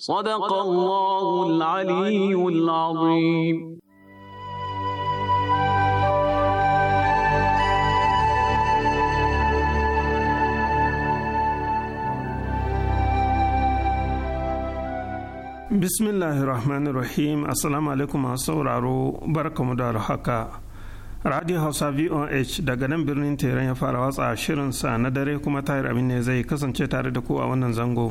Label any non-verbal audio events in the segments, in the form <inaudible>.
صدق الله العلي العظيم bismillahi rahmanir rahim assalamu alaikum masu sauraro barkamu da haka radio hausa voh daga nan birnin teran ya fara watsa shirinsa na dare kuma tahir amin ne zai kasance tare da ku a wannan zango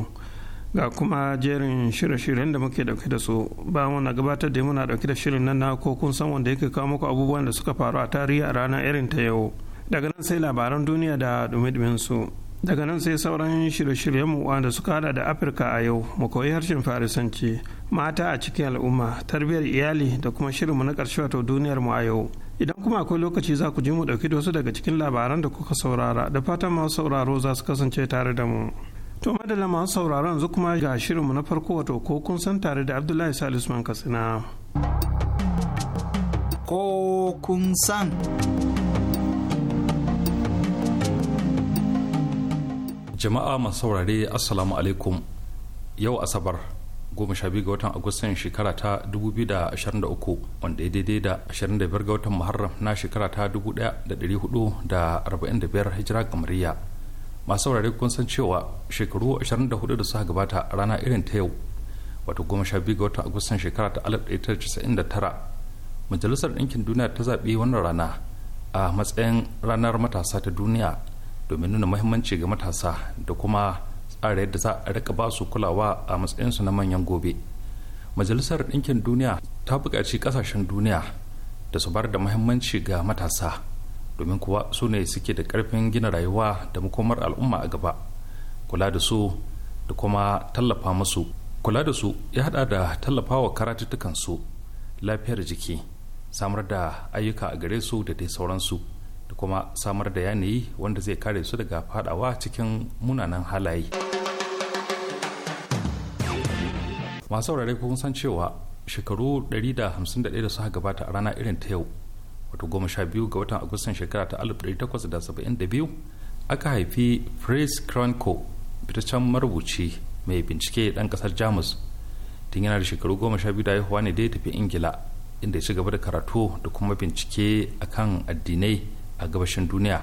ga kuma jerin shirye-shiryen da muke dauke da su ba muna gabatar da muna dauke da shirin nan na ko kun san wanda yake kawo muku abubuwan da suka faru a tarihi a ranar irin ta yau daga nan sai labaran duniya da dumi su daga nan sai sauran shirye-shiryen mu wanda suka hada da afirka a yau mu koyi harshen farisanci mata a cikin al'umma tarbiyyar iyali da kuma shirinmu na karshe wato duniyar mu a yau idan kuma akwai lokaci za ku ji mu dauki da wasu daga cikin labaran da kuka saurara da fatan masu sauraro za su kasance tare da mu. To madalla masu sauraron yanzu kuma ga shirinmu na farko wato ko kun san tare da Abdullahi Salis man Katsina. Ko kun san. Jama'a masu saurare Assalamu alaikum yau Asabar goma sha biyu ga watan Agustan shekara ta 2023 wanda ya daidai da 25 ga watan Muharram na shekara ta 1445 hijira Gamariya. masu wurare kun san cewa shekaru 24 da suka gabata rana irin ta yau wato goma ga watan agustan shekara ta 1999 majalisar ɗinkin duniya ta zaɓi wannan rana a matsayin ranar matasa ta duniya domin nuna mahimmanci ga matasa da kuma tsara yadda za a rika basu kulawa a matsayin su na manyan gobe majalisar ɗinkin duniya ta buƙaci ƙasashen duniya da su bar da mahimmanci ga matasa domin kuwa su ne suke da karfin gina rayuwa da makomar al'umma a gaba kula da su da kuma tallafa musu kula da su ya hada da tallafa wa karatuttukan su lafiyar jiki samar da ayyuka a gare su da dai sauransu da kuma samar da yanayi wanda zai kare su daga fadawa cikin munanan halaye masu saurare kun san cewa shekaru 151 da suka gabata a rana irin ta yau wato goma sha biyu ga watan agustan shekara ta 1872 aka haifi fritz kranko fitaccen marubuci mai bincike dan kasar jamus tun yana da shekaru goma sha biyu da haihuwa ne da ya tafi ingila inda ya ci gaba da karatu da kuma bincike akan addinai a gabashin duniya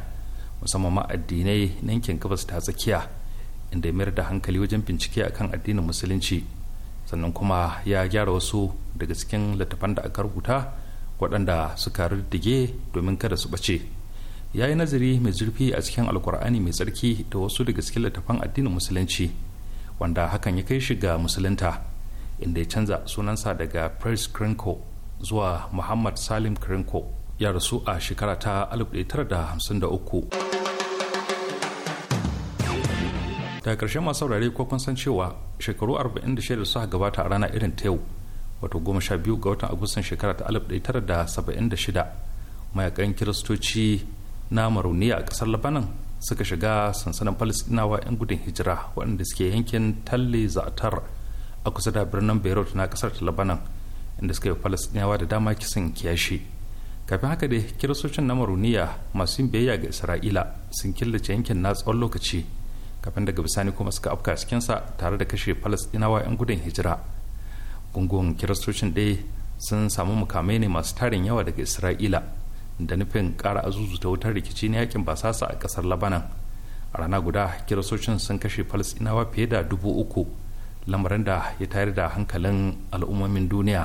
musamman ma addinai na yankin gabas ta tsakiya inda ya mayar da hankali wajen bincike akan addinin musulunci sannan kuma ya gyara wasu daga cikin littattafan da aka rubuta waɗanda suka riddige domin kada su ɓace ya yi nazari mai zurfi a cikin alkur'ani mai tsarki da wasu daga cikin littafan addinin musulunci wanda hakan ya kai shi ga musulunta inda ya canza sunansa daga prince krenko zuwa muhammad salim krenko ya rasu a shekara ta 1953 daga ƙarshen masu saurare ko kun san cewa shekaru 46 suka gabata a rana irin ta yau wato goma sha biyu ga watan agustan shekara ta alif tara da da saba'in shida mayakan kiristoci na marauniya a kasar labanan suka shiga sansanin palestinawa 'yan gudun hijira waɗanda suke yankin talle zatar a kusa da birnin beirut na kasar ta labanan inda suka yi palestinawa da dama kisan kiyashi kafin haka dai kiristocin na maroniya masu yin biyayya ga isra'ila sun killace yankin na tsawon lokaci kafin daga bisani kuma suka afka cikinsa tare da kashe palestinawa 'yan gudun hijira gungun kiristocin ɗaya sun samu mukamai ne masu tarin yawa daga isra'ila da nufin ƙara azuzu ta wutar rikici na yakin basasa a ƙasar labanan a rana guda kiristocin sun kashe falasɗinawa fiye da dubu uku lamarin da ya tayar da hankalin al'ummomin duniya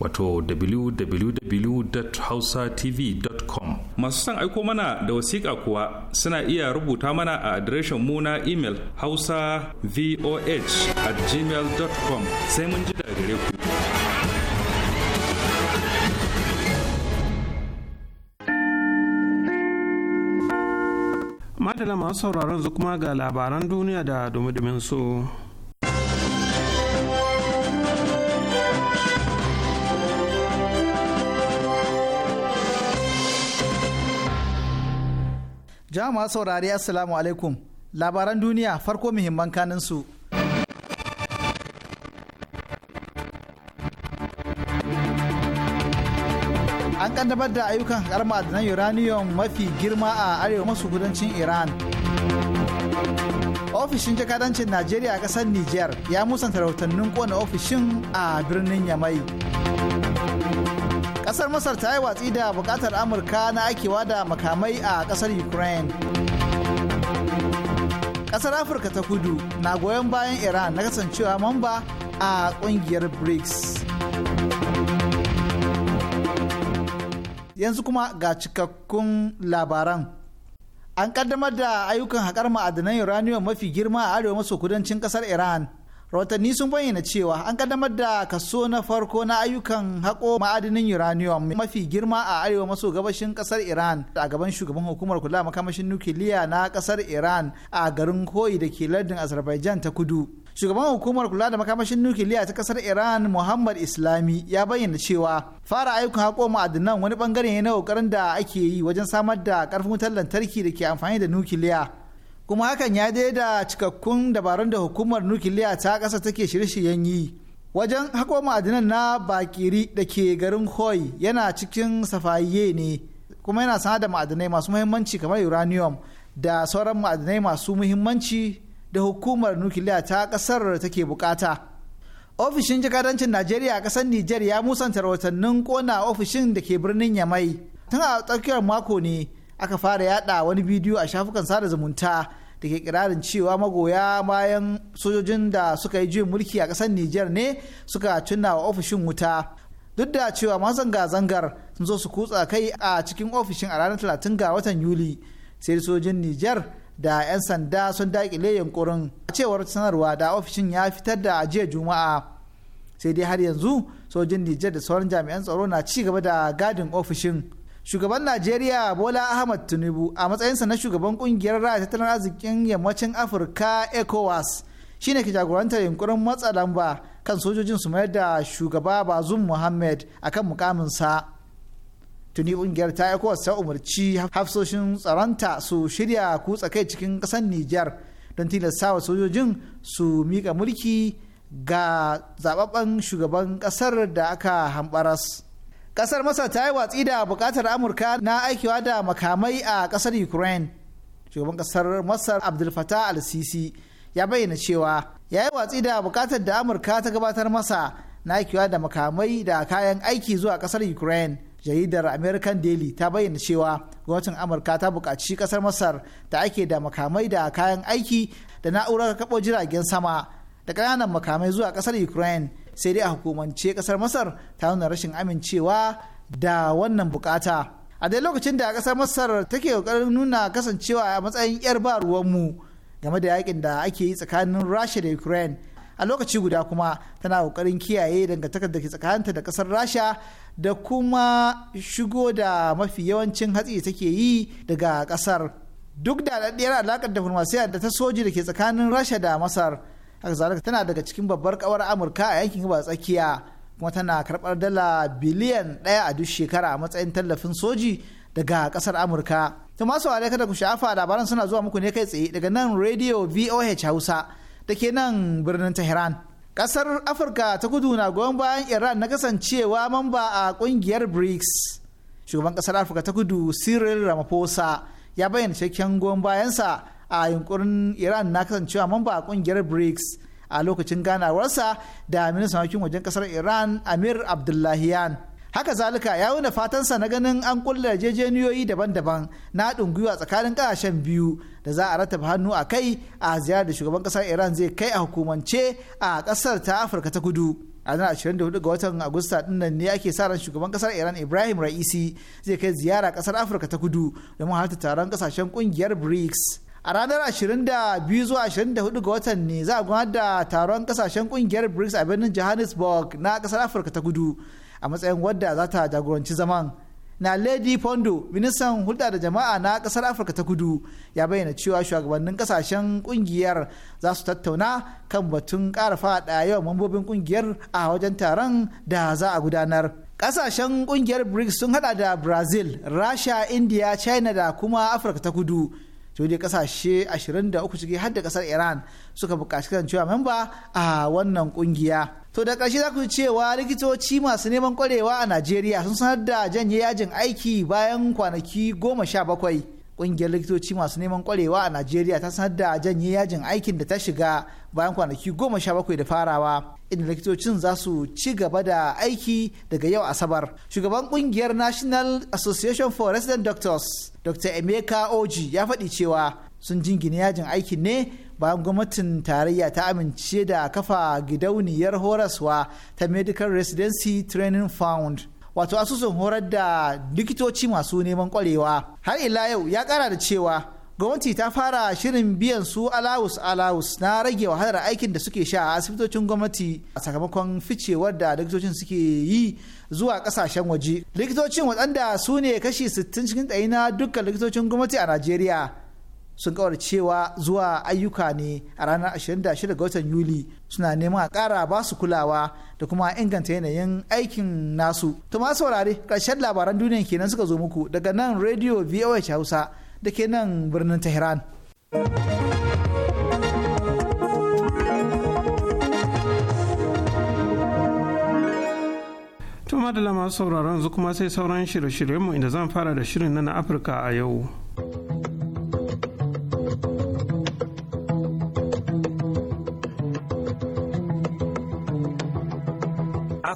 wato www.hausatv.com masu son aiko mana da wasiƙa kuwa suna iya rubuta mana a adireshin mu na imel hausa voh at gmail.com sai mun ji da gare ku madala masu sauraron su ga labaran duniya da dumi su. jama'a saurari assalamu alaikum labaran duniya farko muhimman kanin su an kaddamar da ayyukan karma da uranium mafi girma a arewa masu kudancin iran ofishin jakadancin najeriya a kasar niger ya musanta rahotannin kowane ofishin a birnin yamai kasar masar ta yi watsi da bukatar amurka na aikewa da makamai a kasar ukraine kasar afirka ta kudu na goyon bayan iran na kasancewa mamba a kungiyar brics yanzu kuma ga cikakkun labaran an kaddamar da ayyukan haƙar ma'adanan uranium mafi girma a arewa maso kudancin ƙasar iran rahotanni sun bayyana cewa an kaddamar da kaso na farko na ayyukan haƙo ma'adinin uranium mafi girma a arewa maso gabashin kasar iran a gaban shugaban hukumar kula makamashin nukiliya na kasar iran a garin koyi da ke lardin azerbaijan ta kudu shugaban hukumar kula da makamashin nukiliya ta kasar iran muhammad islami ya bayyana cewa fara ayyukan haƙo ma'adinan wani bangare ne na ƙoƙarin da ake yi wajen samar da ƙarfin wutar lantarki da ke amfani da nukiliya kuma hakan ya daida cikakkun dabarun da hukumar nukiliya ta ƙasa take shirye-shiryen yi wajen hako ma'adinan na bakiri da ke garin hoi yana cikin safaye ne kuma yana sana da ma'adinai masu muhimmanci kamar uranium da sauran ma'adinai masu muhimmanci da hukumar nukiliya ta ƙasar take bukata. Ofishin jakadancin Najeriya a ƙasar Nijar ya musanta rahotannin kona ofishin da ke birnin Yamai. Tun a tsakiyar mako ne aka fara yada wani bidiyo a shafukan sada zumunta da ke kirarin cewa magoya bayan sojojin da suka yi juyin mulki a ƙasar Nijar ne suka tunna wa ofishin wuta. Duk da cewa masu zanga-zangar sun zo su kutsa kai a cikin ofishin a ranar 30 ga watan Yuli sai sojojin Nijar da 'yan sanda sun daƙile yunkurin a cewar sanarwa da ofishin ya fitar da ajiyar juma'a sai dai har yanzu sojojin Nijar da sauran jami'an tsaro na ci gaba da gadin ofishin. shugaban najeriya bola ahmad tinubu a matsayinsa na shugaban kungiyar raya tattalin arzikin yammacin afirka ecowas shine ke jagorantar yunkurin matsa lamba kan sojojin su mayar da shugaba bazum muhammad akan mukaminsa tuni kungiyar ta ecowas ta umarci hafsoshin tsaronta su shirya kutsa kai cikin kasar nijar don tilastawa sojojin su mika mulki ga zababben shugaban kasar da aka hambaras. kasar masar ta yi watsi da bukatar amurka na aikiwa da makamai a kasar ukraine shugaban kasar masar abdul fatah al-sisi ya bayyana cewa ya yi watsi da bukatar da amurka ta gabatar masa na aikiwa da makamai da kayan aiki zuwa kasar ukraine jaridar american daily ta bayyana cewa gwamnatin amurka ta bukaci kasar masar ta ake da makamai da kayan aiki da na'urar kaɓo jiragen sama da ƙananan makamai zuwa kasar ukraine sai dai a hukumance kasar masar ta nuna rashin amincewa da wannan bukata a dai lokacin da kasar masar take kokarin nuna kasancewa a matsayin yar ba ruwanmu game da yakin da ake yi tsakanin rasha da ukraine a lokaci guda kuma tana kokarin kiyaye dangantakar da ke tsakaninta da kasar rasha da kuma shigo da mafi yawancin hatsi take yi daga kasar duk da alakar da diflomasiyya da ta soji da ke tsakanin rasha da masar haka tana daga cikin babbar kawar amurka a yankin gabas tsakiya kuma tana karɓar dala biliyan ɗaya a duk shekara a matsayin tallafin soji daga kasar amurka to masu wale kada ku sha'afa labaran suna zuwa muku ne kai tsaye daga nan radio voh hausa da ke nan birnin tehran ƙasar afirka ta kudu na goyon bayan iran na kasancewa mamba a ƙungiyar brics shugaban ƙasar afirka ta kudu cyril ramaphosa ya bayyana cikin goyon bayansa a yunkurin iran na kasancewa mamba a kungiyar brics a lokacin ganawarsa da ministan harkokin wajen kasar iran amir abdullahiyan haka zalika ya nuna fatansa na ganin an kulla yarjejeniyoyi daban-daban na haɗin gwiwa tsakanin ƙasashen biyu da za a rattaba hannu a kai a ziyarar da shugaban ƙasar iran zai kai a hukumance a ƙasar ta afirka ta kudu a ranar 24 ga watan agusta dinnan ne ake sa ran shugaban kasar iran ibrahim ra'isi zai kai ziyara kasar afirka ta kudu domin halarta taron kasashen kungiyar brics a ranar 22 zuwa 24 ga watan ne za a gudanar da taron kasashen kungiyar brics a birnin johannesburg na kasar afirka ta kudu a matsayin wadda za ta jagoranci zaman na lady pondo ministan hulɗa da jama'a na kasar afirka ta kudu ya bayyana cewa shugabannin kasashen kungiyar za su tattauna kan batun ƙara faɗa yawan mambobin kungiyar a wajen taron da za a gudanar kasashen kungiyar brics sun hada da brazil rasha india china da kuma afirka ta kudu to dai kasashe 23 ciki har da kasar iran suka buƙaci kasancewa memba a wannan kungiya to da karshe za ku ji cewa likitoci masu neman kwarewa a najeriya sun sanar da janye yajin aiki bayan kwanaki goma sha bakwai ƙungiyar likitoci masu neman kwarewa a najeriya ta sanar da janye yajin aikin da ta shiga bayan kwanaki goma sha bakwai da farawa inda likitocin za su ci gaba da aiki daga yau asabar shugaban ƙungiyar national association for resident doctors dr emeka oji ya faɗi cewa sun jingine yajin aikin ne bayan gwamnatin tarayya ta amince da kafa gidauniyar horaswa ta medical residency training fund wato asusun horar da likitoci masu neman kwarewa har ila yau ya kara da cewa gwamnati ta fara shirin biyan su alawus alawus na rage wahalar aikin da suke sha a asibitocin gwamnati a sakamakon ficewar da likitocin suke yi zuwa kasashen waje likitocin waɗanda su ne kashi 60 cikin ɗari na dukkan likitocin gwamnati a najeriya sun kawar cewa zuwa ayyuka ne a ranar 26 ga watan yuli suna neman a kara ba su kulawa da kuma inganta yanayin aikin nasu to ma saurare ƙarshen labaran duniya kenan suka zo muku daga nan radio voa hausa da ke nan birnin tehran to madalla masu sauraron zu kuma sai sauran shirye-shiryenmu inda zan fara da shirin na afirka a yau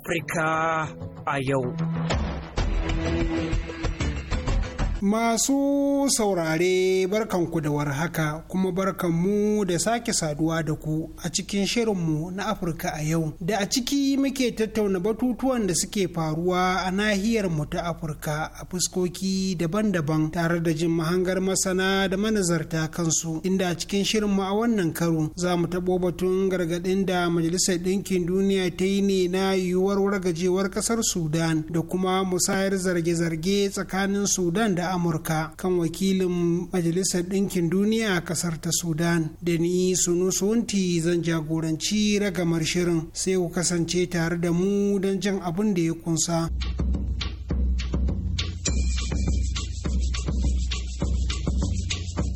Afirka a yau. Masu saurare barkan ku da warhaka kuma barkanmu da sake saduwa da ku a cikin shirinmu na Afirka a yau. Da a ciki muke tattauna batutuwan da suke faruwa a nahiyar mu ta Afirka a fuskoki daban-daban tare da jin mahangar masana da manazarta kansu inda a cikin shirinmu a wannan karo za mu taɓo batun gargaɗin da Majalisar Ɗinkin Duniya ta yi ne na yiwuwar wargajewar ƙasar Sudan da kuma musayar zarge-zarge tsakanin Sudan da amurka kan wakilin majalisar ɗinkin duniya a ƙasar ta sudan da ni sunu sunti zan jagoranci ragamar shirin sai ku kasance tare da mu don jin abin da ya kunsa.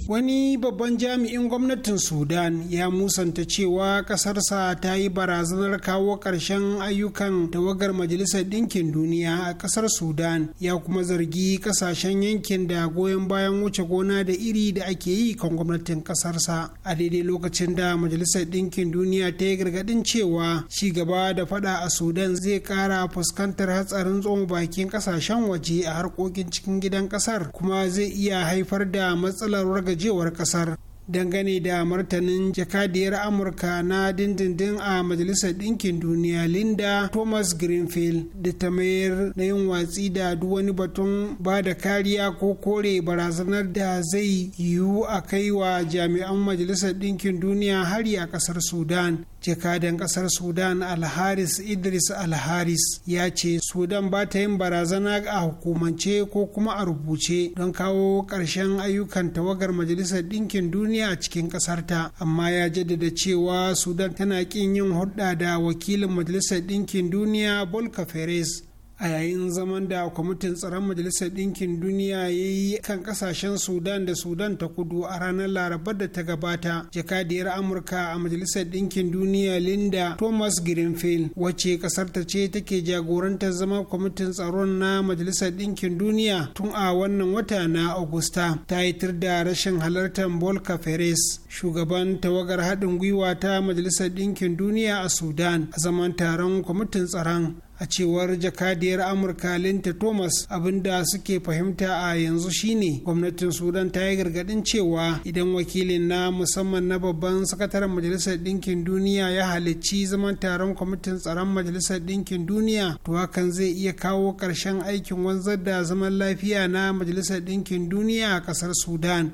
wani babban jami'in gwamnatin sudan ya musanta cewa ƙasarsa ta yi barazanar kawo ƙarshen ayyukan tawagar majalisar ɗinkin duniya a ƙasar sudan ya kuma zargi ƙasashen yankin da goyon bayan wuce gona da iri da ake yi kan gwamnatin ƙasarsa a daidai lokacin da majalisar ɗinkin duniya ta yi gargaɗin cewa ci gaba da fada a sudan zai ƙara fuskantar hatsarin tsoma bakin ƙasashen waje a harkokin cikin gidan ƙasar kuma zai iya haifar da matsalar gajiyawar kasar dangane da martanin jakadiyar amurka na dindindin a majalisar ɗinkin duniya linda thomas greenfield da ta mayar na yin watsi da duk wani batun ba da kariya ko kore barazanar da zai yiwu a kai wa jami'an majalisar ɗinkin duniya hari a ƙasar sudan jakadan ƙasar sudan alharis idris alharis ya ce sudan ba ta yin barazana a hukumance ko kuma a rubuce don kawo ƙarshen ayyukan tawagar majalisar ɗinkin duniya ɗaya a cikin ƙasarta amma ya jaddada cewa sudan tana kin yin hulɗa da wakilin majalisar ɗinkin duniya bolka perez a yayin zaman da kwamitin tsaron majalisar ɗinkin duniya ya yi kan ƙasashen sudan da sudan ta kudu a ranar larabar da ta gabata jakadiyar amurka a majalisar ɗinkin duniya linda thomas greenfield wacce ƙasar ta ce take jagorantar zama kwamitin tsaron na majalisar ɗinkin duniya tun a wannan wata na agusta ta yi da rashin halartar bolka feres shugaban tawagar haɗin gwiwa ta majalisar ɗinkin duniya a sudan a zaman taron kwamitin tsaron a cewar jakadiyar amurka linta thomas abinda suke fahimta a yanzu shine gwamnatin sudan ta yi gargadin cewa idan wakilin na musamman na babban sakataren majalisar ɗinkin duniya ya halicci zaman taron kwamitin tsaron majalisar ɗinkin duniya to hakan zai iya kawo ƙarshen aikin wanzar da zaman lafiya na majalisar ɗinkin duniya a ƙasar sudan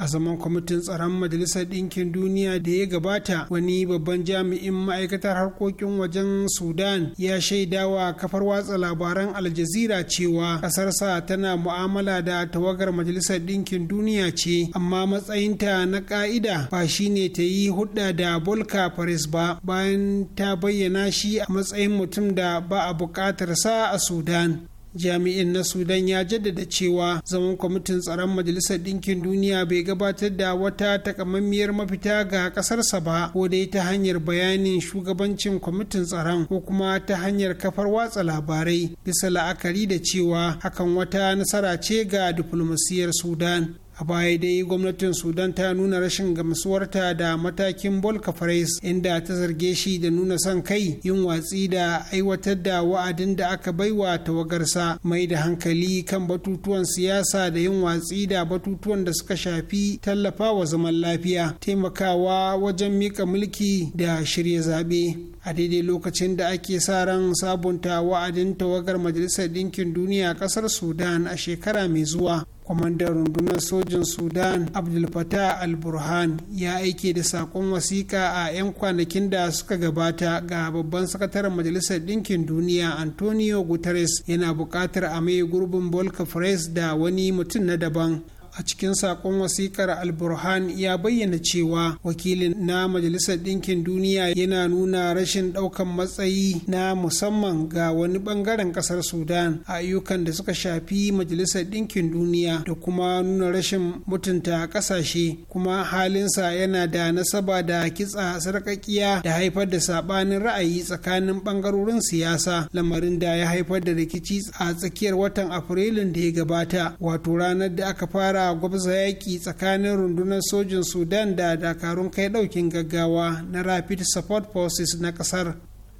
a zaman kwamitin tsaron majalisar ɗinkin duniya da ya gabata wani babban jami'in ma'aikatar harkokin wajen sudan ya shaidawa kafar watsa labaran aljazira cewa ƙasarsa tana mu'amala da tawagar majalisar ɗinkin duniya ce amma matsayinta na ƙa'ida ba shine ta yi hudda da bolka paris ba bayan ta bayyana shi a matsayin mutum da ba a buƙatarsa a sudan jami'in na sudan ya jaddada cewa zaman kwamitin tsaron majalisar ɗinkin duniya bai gabatar da wata takamammiyar mafita ga ƙasarsa ba ko dai ta hanyar bayanin shugabancin kwamitin tsaron ko kuma ta hanyar kafar watsa labarai bisa la'akari da cewa hakan wata nasara ce ga diflomasiyar sudan a baya dai gwamnatin sudan ta nuna rashin gamsuwarta da matakin bolka farais inda ta zarge shi da nuna son kai yin watsi da aiwatar da wa'adin da aka baiwa tawagarsa mai da hankali kan batutuwan siyasa da yin watsi da batutuwan da suka shafi tallafa wa zaman lafiya taimakawa wajen mika mulki da shirya zabe. a daidai lokacin da ake sa ran sabunta wa'adin tawagar majalisar ɗinkin duniya a ƙasar sudan a shekara mai zuwa kwamandan rundunar sojin sudan abdul fatah al-burhan ya aike da saƙon wasiƙa a 'yan kwanakin da suka gabata ga babban sakataren majalisar ɗinkin duniya antonio guterres yana buƙatar a mai gurbin volker da wani mutum na daban a cikin sakon wasikar alburhan ya bayyana cewa wakilin na majalisar ɗinkin duniya yana nuna rashin ɗaukan matsayi na musamman ga wani ɓangaren ƙasar sudan a ayyukan da suka shafi majalisar ɗinkin duniya da kuma nuna rashin mutunta ƙasashe kuma halinsa yana da nasaba da kitsa sarƙaƙiya da haifar da saɓanin ra'ayi tsakanin ɓangarorin siyasa lamarin da ya haifar da rikici a tsakiyar watan afrilun da ya gabata wato ranar da aka fara gwabza yaƙi tsakanin rundunar sojin sudan da dakarun kai ɗaukin gaggawa na rapid support forces na ƙasar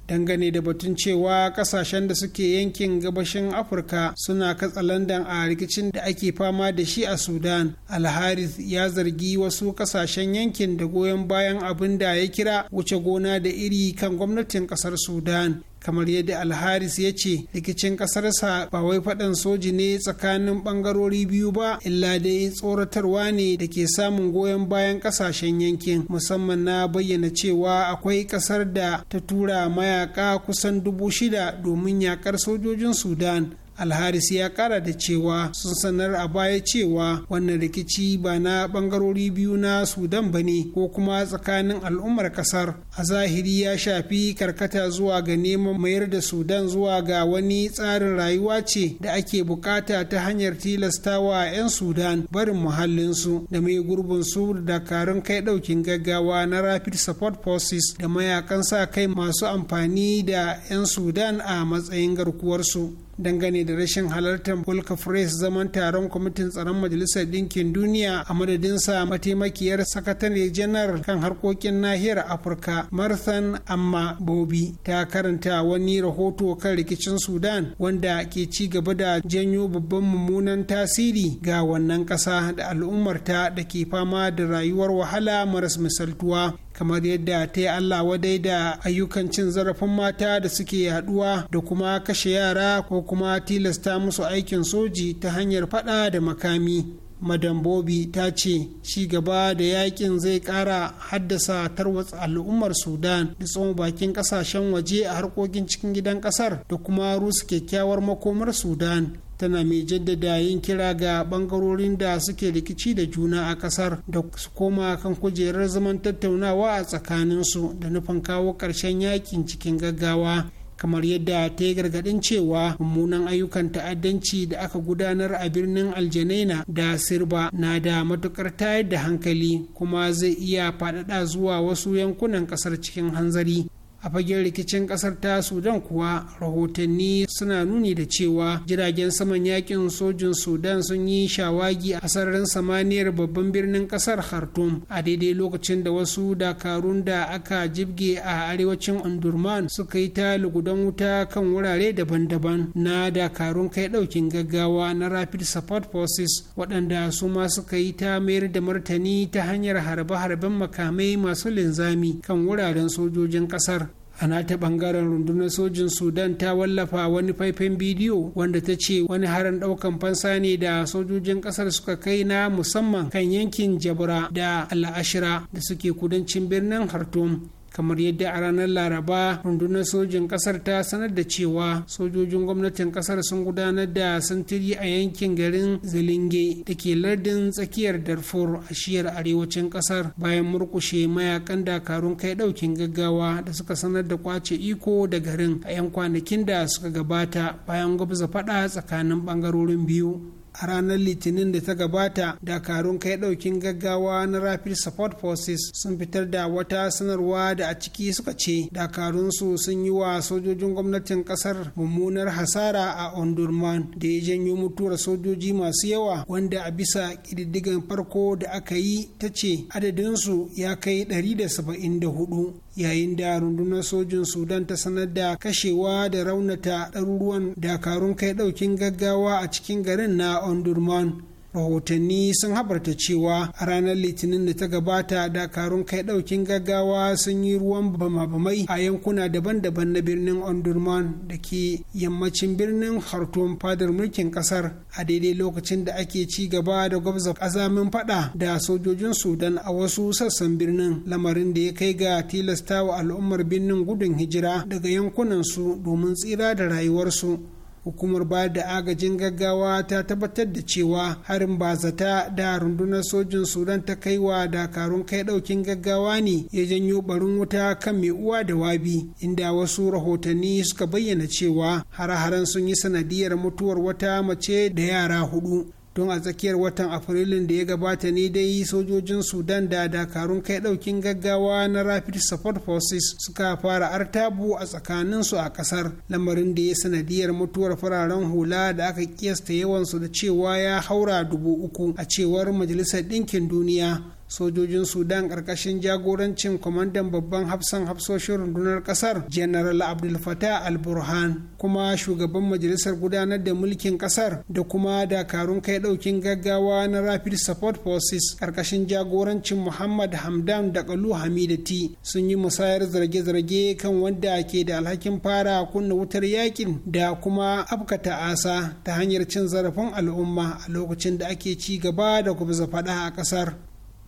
dangane da batun cewa ƙasashen da suke yankin gabashin afirka suna katsalandan a rikicin da ake fama da shi a sudan alharis ya zargi wasu ƙasashen yankin da goyon bayan abin da ya kira wuce gona da iri kan gwamnatin ƙasar sudan kamar yadda alharis ya ce rikicin ƙasarsa ba wai faɗan soji ne tsakanin ɓangarori biyu ba illa dai tsoratarwa ne da ke samun goyon bayan ƙasashen yankin musamman na bayyana cewa akwai ƙasar da ta tura mayaka kusan dubu shida domin yakar sojojin sudan alharisi ya kara da cewa sun sanar a baya cewa wannan rikici ba na bangarori biyu na sudan ba ne ko kuma tsakanin al'ummar kasar a zahiri ya shafi karkata zuwa ga neman mayar da sudan zuwa ga wani tsarin rayuwa ce da ake bukata ta hanyar tilastawa 'yan sudan barin muhallinsu da mai gurbin su da dakarun kai daukin gaggawa na rapid support forces da mayakan sa kai masu amfani da 'yan sudan a matsayin garkuwarsu dangane da rashin halartar Volker Press zaman taron kwamitin tsaron Majalisar ɗinkin Duniya a madadinsa mataimakiyar sakatare janar kan harkokin nahiyar Afirka Marthan Amma Bobi ta karanta wani rahoto kan rikicin Sudan wanda ke ci gaba da janyo babban mummunan tasiri ga wannan ƙasa da al'ummarta da ke fama da rayuwar wahala maras misaltuwa kamar yadda ta yi Allah wadai da ayyukan cin zarafin mata da suke yaduwa da kuma kashe yara ko kuma tilasta musu aikin soji ta hanyar fada da makami. Madam Bobi ta ce shi gaba da yakin zai kara haddasa tarwatsa al'ummar Sudan da tsohon bakin kasashen waje a harkokin cikin gidan kasar da kuma rusa kyakkyawar makomar Sudan tana mai jaddada yin kira ga bangarorin da suke rikici da juna a kasar da su koma kan kujerar zaman tattaunawa a tsakaninsu da nufin kawo ƙarshen yakin cikin gaggawa kamar yadda ta yi gargaɗin cewa mummunan ayyukan ta'addanci da aka gudanar a birnin aljanaina da sirba na da matukar tayar da hankali kuma zai iya faɗaɗa zuwa wasu yankunan ƙasar cikin hanzari a fagen rikicin kasar ta sudan kuwa rahotanni suna nuni da cewa jiragen saman yakin sojin sudan sun yi shawagi a sararin samaniyar babban birnin kasar khartoum a daidai lokacin da wasu dakarun da aka jibge a arewacin omdurman suka yi ta lugudan wuta kan wurare daban-daban na dakarun kai daukin gaggawa na rapid support forces waɗanda su ma suka yi ta mayar da martani ta hanyar harbe-harben makamai masu linzami kan wuraren sojojin kasar ana ta bangaren rundunar sojin sudan ta wallafa wani faifan bidiyo wanda ta ce wani harin daukan fansa ne da sojojin kasar suka kai na musamman kan yankin jabra da al'ashira da suke kudancin birnin hartum kamar yadda a ranar laraba rundunar sojin kasar ta sanar da cewa sojojin gwamnatin kasar sun gudanar da sintiri a yankin garin zilinge da ke lardin tsakiyar darfur a shiyar arewacin kasar bayan murkushe mayakan dakarun kai daukin gaggawa da suka sanar da kwace iko da garin a 'yan kwanakin da suka gabata bayan gwabza faɗa tsakanin ɓangarorin biyu a ranar litinin da ta gabata dakarun kai daukin gaggawa na rapid support forces sun fitar da wata sanarwa da a ciki suka ce dakarun su sun yi wa sojojin gwamnatin kasar mummunar hasara a ondurman da ya janyo mutuwar sojoji masu yawa wanda a bisa ƙididdigan farko da aka yi ta ce adadinsu ya kai 174 yayin da rundunar sojin sudan ta sanar da kashewa da raunata ɗaruruwan dakarun kai ɗaukin gaggawa a cikin garin na ondurman rahotanni sun habarta cewa a ranar litinin da ta gabata dakarun kai daukin gaggawa sun yi ruwan bama-bamai a yankuna daban-daban na birnin ondurman da ke yammacin birnin khartoum fadar mulkin kasar a daidai lokacin da ake ci gaba da gwabza azamin fada da sojojin sudan a wasu sassan birnin lamarin da ya kai ga tilastawa al'ummar birnin gudun hijira daga yankunan su domin tsira da rayuwarsu hukumar ba da agajin gaggawa ta tabbatar da cewa harin bazata da rundunar sojin sudan ta kai wa dakarun kai daukin gaggawa ne ya janyo barin wuta kan mai uwa da wabi inda wasu rahotanni suka bayyana cewa har haren sun yi sanadiyar mutuwar wata mace da yara hudu tun a tsakiyar watan afrilun da ya gabata ne dai sojojin sudan da dakarun kai daukin gaggawa na rapid support forces suka fara artabu a tsakaninsu a kasar lamarin da ya sanadiyar mutuwar fararen hula da aka kiyasta yawansu da cewa ya haura dubu uku a cewar majalisar ɗinkin duniya sojojin sudan ƙarƙashin jagorancin kwamandan babban hafsan hafsoshin rundunar ƙasar general abdul fatah al-burhan kuma shugaban majalisar gudanar da mulkin ƙasar da kuma dakarun kai ɗaukin gaggawa na rapid support forces ƙarƙashin jagorancin muhammad hamdan da kalu hamidati sun yi musayar zarge-zarge kan wanda ke da alhakin fara kunna wutar yakin da kuma afkata asa ta hanyar cin zarafin al'umma a lokacin da ake ci gaba da gubza faɗa a ƙasar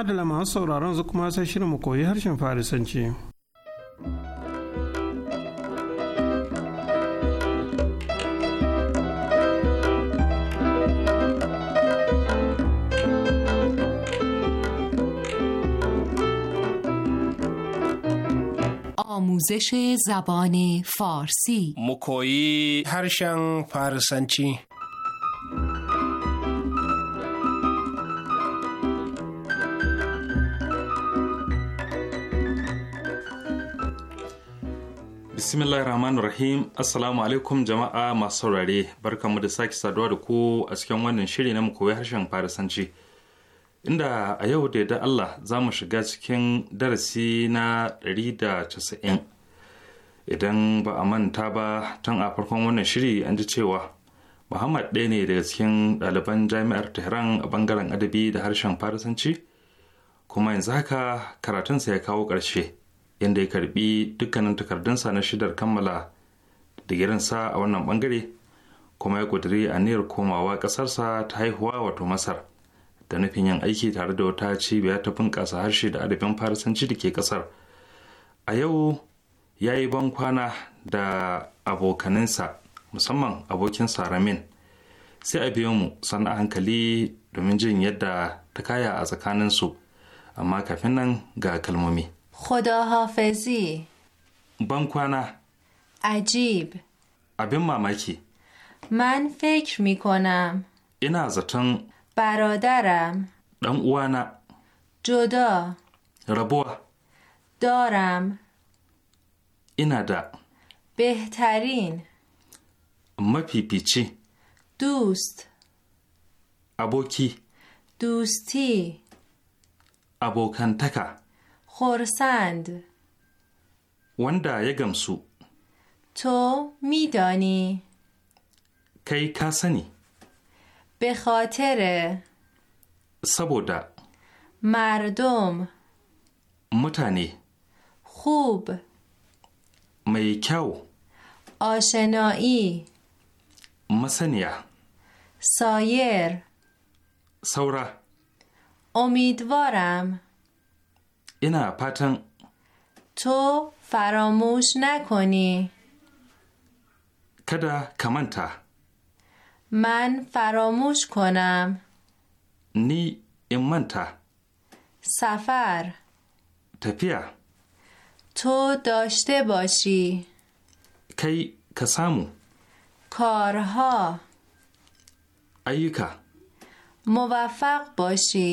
adala masu sauraron zu kuma sai shirin mu koyi harshen farisanci آموزش زبان فارسی مکویی هرشن فارسنچی bismillah rahman rahim assalamu alaikum jama'a masu saurare barkanmu da sake saduwa da ku a cikin wannan shiri na mu koyi harshen farisanci inda a yau da da Allah za mu shiga cikin darasi na 190 idan ba a manta ba tun a farkon wannan shiri an ji cewa muhammad ɗaya ne daga cikin ɗaliban jami'ar tehran a bangaren adabi da harshen farisanci kuma yanzu haka karatunsa ya kawo ƙarshe inda ya karbi dukkanin takardunsa na shidar kammala digirinsa a wannan bangare kuma ya kudiri aniyar komawa kasarsa ta haihuwa wato masar da nufin yin aiki tare da wata cibiya ta bunƙasa harshe da adabin farisanci da ke kasar a yau ya yi ban kwana da abokaninsa musamman abokin ramin sai a biyo mu sana'a hankali domin jin yadda ta kaya a tsakaninsu amma kafin nan ga kalmomi. خداحافظی بانکوانا عجیب ابن ماماکی من فکر می کنم اینا زتن برادرم دم اوانا جدا ربوا دارم اینا دا بهترین مپیپیچی دوست ابوکی دوستی ابوکنتکا خورسند وندا سو تو میدانی کی کسنی به خاطر سبودا مردم متنی خوب میکو آشنایی مسنیا سایر سورا امیدوارم ina fatan to faramush nakoni kada ka manta. man faramush konam ni in manta safar tafiya to doshte boshi kai ka samu Korho. ayyuka muwafaq boshi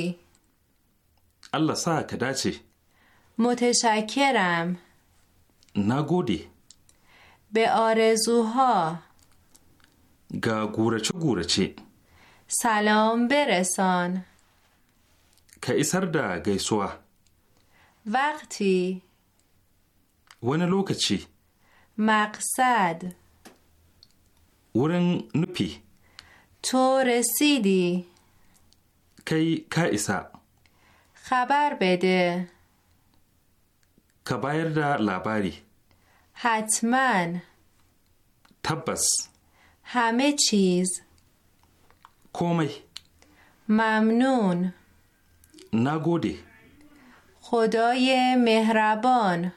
allah sa ka dace متشکرم نگودی به آرزوها گا گوره چی؟ سلام برسان که ایسر دا گیسوا وقتی ون چی؟ مقصد ورن نپی تو رسیدی کی که ایسا خبر بده ka bayar لابری تبس همه چیز کومی ممنون نگودی خدای مهربان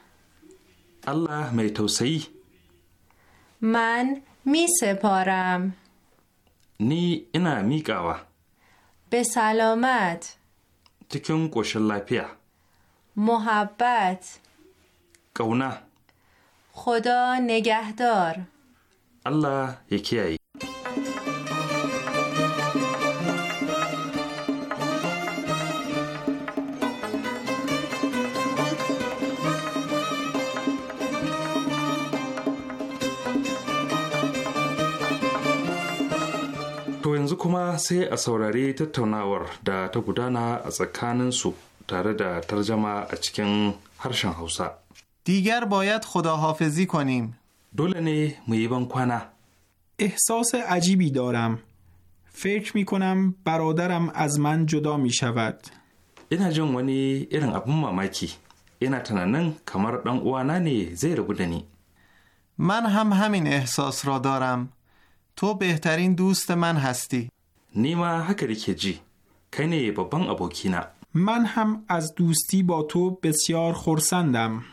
الله می توسی من می سپارم نی اینا می گاوا به سلامت تکن گوش لپیا محبت قونه خدا نگهدار الله یکی ای yanzu kuma sai a saurari tattaunawar da ta gudana a tsakaninsu tare da tarjama a cikin harshen Hausa. دیگر باید خداحافظی کنیم. دولنه میبان کنه احساس عجیبی دارم. فکر می کنم برادرم از من جدا می شود. اینا جون ونی ایرن ابون ماماکی. اینا تنانن کمر دان اوانا نه بودنی من هم همین احساس را دارم. تو بهترین دوست من هستی. نیما هکری که جی. کنی بابان ابوکینا. من هم از دوستی با تو بسیار خورسندم.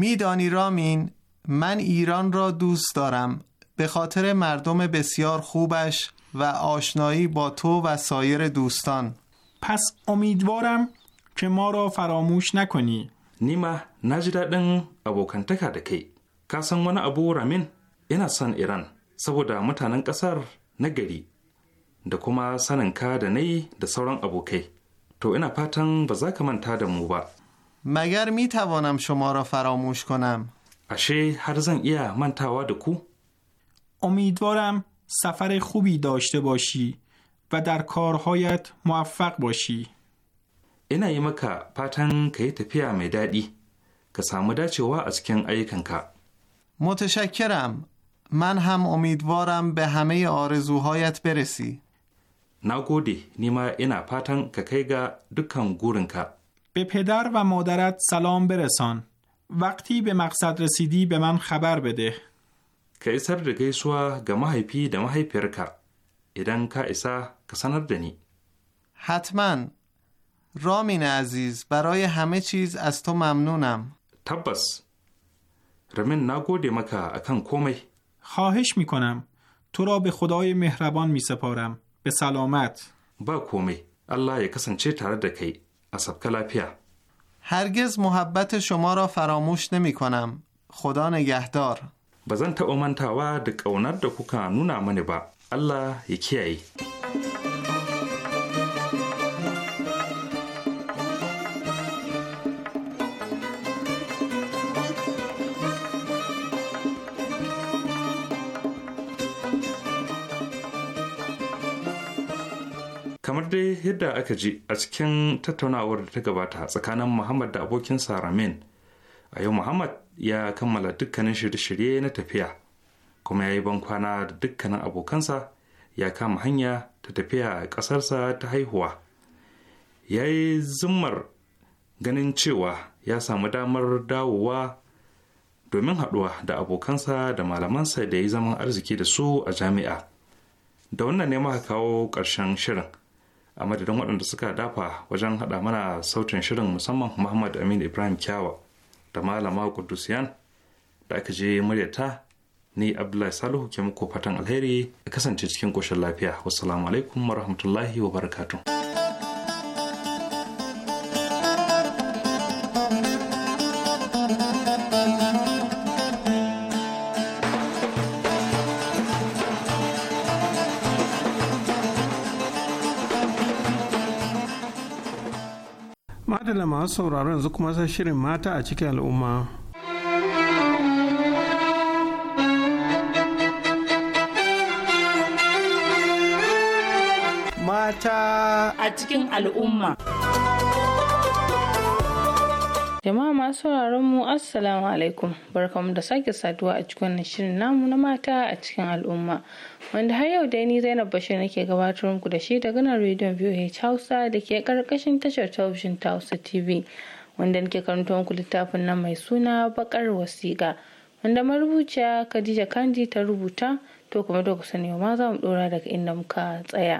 میدانی رامین من ایران را دوست دارم به خاطر مردم بسیار خوبش و آشنایی با تو و سایر دوستان پس امیدوارم که ما را فراموش نکنی نیما نجد دن ابو کنتکا دکی کاسن وانا ابو رامین اینا سن ایران سبو دا متانن قصر نگری دا کما سننکا دنی دا سوران ابو که تو اینا پاتن بزاک من تا دمو با مگر می توانم شما را فراموش کنم اشی هر زن یا من کو امیدوارم سفر خوبی داشته باشی و در کارهایت موفق باشی که yi که تپیه می دادی که سامده چه و از dacewa ای cikin متشکرم من هم امیدوارم به همه آرزوهایت برسی. نگودی نیما اینا پتن که که گا گورن گورن که به پدر و مادرت سلام برسان وقتی به مقصد رسیدی به من خبر بده که ایسر رگی سوا پی ایدن که کسانر دنی حتما رامین عزیز برای همه چیز از تو ممنونم تبس رمین نگو دیمکا اکن کومه خواهش میکنم تو را به خدای مهربان می سپارم به سلامت با کومه الله کسنچه چه تارده کی. هرگز محبت شما را فراموش نمی کنم خدا نگهدار بزن تا اومن تاوا دک اوند دکو کانون آمنه با الله یکی ای yadda aka ji a cikin tattaunawar da ta gabata tsakanin muhammad da abokinsa ramin a yau muhammad ya kammala dukkanin shirye-shirye na tafiya kuma ya yi bankwana da dukkanin abokansa ya kama hanya ta tafiya ƙasarsa ta haihuwa ya yi zimmar ganin cewa ya samu damar dawowa domin haɗuwa da abokansa da malamansa da ya yi zaman arziki da su a jami'a da wannan ne muka kawo ƙarshen shirin a madadin waɗanda suka dafa wajen haɗa mana sautin shirin musamman muhammad Aminu ibrahim kyawa da malama kudusiyan da aka je muryata ni abdullahi salihu ke muku fatan alheri a kasance cikin ƙoshin lafiya wassalamu alaikum wa barakatuh masu sauraro yanzu kuma sai shirin mata a cikin al'umma. Mata a cikin al'umma. Jama'a masu sauraron mu Assalamu alaikum barkamu da sake saduwa a cikin wannan shirin namu na mata a cikin al'umma wanda har yau dai ni Zainab Bashir nake gabatar muku da shi daga nan rediyon VOH Hausa da ke karkashin tashar talabijin ta Hausa TV wanda nake karanta muku littafin nan mai suna bakar wasiƙa wanda marubuciya Khadija Kandi ta rubuta to kuma da ku ma za mu ɗora daga inda muka tsaya.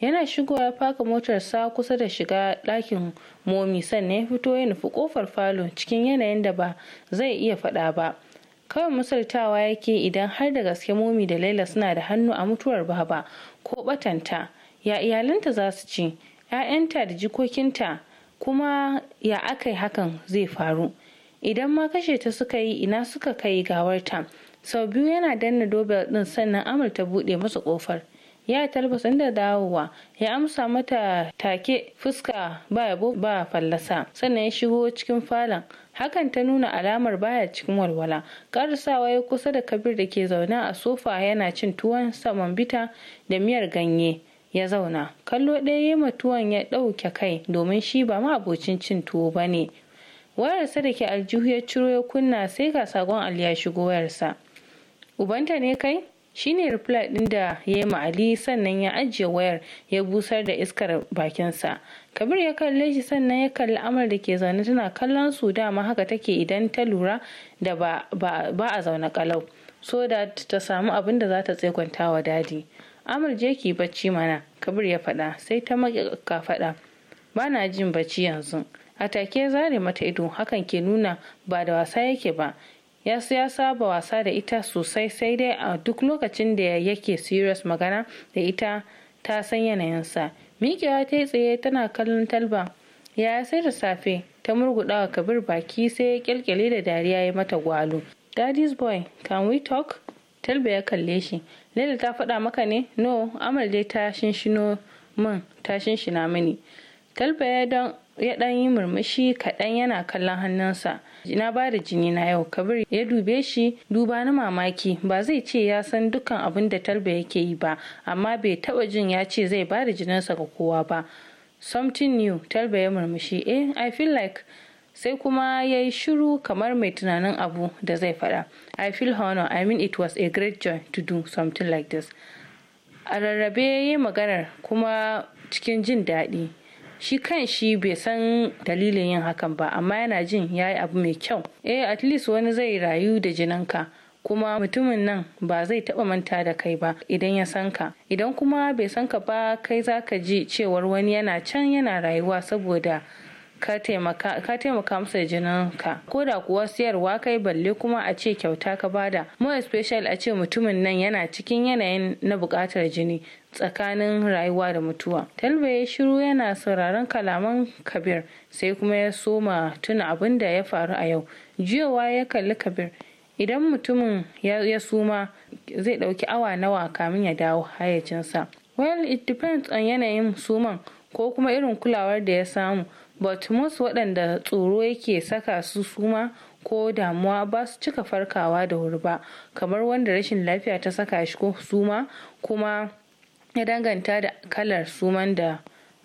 yana shigowa ya faka sa kusa da shiga ɗakin momi sannan ya fito ya nufi kofar falon cikin yanayin da ba zai iya faɗa ba kawai musaltawa yake idan har da gaske momi da laila suna da hannu a mutuwar baba ko batanta ya iyalanta za su ci 'ya'yanta da jikokinta kuma ya aka yi hakan zai faru idan ma kashe ta suka yi ina suka kai gawarta sau biyu yana danna dobel din sannan amur ta buɗe masa ƙofar ya talbas da dawowa ya amsa mata take fuska ba yabo ba fallasa sannan ya shigo cikin falon hakan ta nuna alamar baya cikin walwala karisawa ya kusa da kabir da ke zaune a sofa yana cin tuwon saman bita da miyar ganye ya zauna kallo ɗaya ya matuwan ya ɗauke kai domin shi ba ma abocin cin tuwo ba ne wayarsa da ke aljihu ya ciro ya kunna sai ga sakon ali ya shigo wayarsa ubanta ne kai shine reply din da ya ma ali sannan ya ajiye wayar ya busar da iskar bakinsa kabir ya kalle shi sannan ya kalli amal da ke zaune tana kallon su dama haka take idan ta lura da ba, a zaune kalau so da ta samu abin da za ta tsegunta wa dadi amal je ki bacci mana kabir ya faɗa sai ta maƙi faɗa ba na jin bacci yanzu a take zare mata ido hakan ke nuna ba da wasa yake ba yasu ya saba wasa da ita sosai sai dai a duk lokacin da yake serious magana da ita ta san yanayinsa miƙewa ta yi tsaye tana kallon talba ya sai da safe ta murguɗawa wa kabir baki sai ya kyalkyale da dariya ya mata gwalo daddy's boy can we talk talba ya kalle shi laila ta faɗa maka ne no amal dai ta shinshino min ta shinshina mini talba ya dan yi murmushi kaɗan yana kallon hannunsa na ba da jini na yau kabir ya dube shi duba na mamaki ba zai ce ya san dukkan abin da talba yake yi ba amma bai taba jin ya ce zai ba da jininsa ga kowa ba something new talba ya murmushi eh i feel like sai kuma ya yi shiru kamar mai tunanin abu da zai faɗa i feel honor i mean it was a great joy to do something like this a rarrabe ya yi maganar kuma cikin jin daɗi shi kan shi bai san dalilin yin hakan ba amma yana jin ya yi abu mai kyau eh at least wani zai rayu da jininka kuma mutumin nan ba zai taba manta da kai ba idan ya san ka idan kuma bai san ka ba kai za ka ji cewar wani yana can yana rayuwa saboda ka taimaka masa jinin ka. ko da kuwa siyarwa kai balle kuma a ce kyauta ka bada Mu special a ce mutumin nan yana cikin yanayin na bukatar jini tsakanin rayuwa da mutuwa. Talba ya shiru yana sauraron kalaman Kabir sai kuma ya soma tuna abin da ya faru a yau. Jiyowa ya kalli Kabir. Idan mutumin ya suma zai ɗauki awa nawa kamin ya dawo hayacinsa. Well, it depends on yanayin suman ko kuma irin kulawar da ya samu. batmus waɗanda tsoro yake saka su suma ko damuwa ba su cika farkawa da wuri ba kamar wanda rashin lafiya ta saka shi ko suma kuma ya danganta da kalar suman da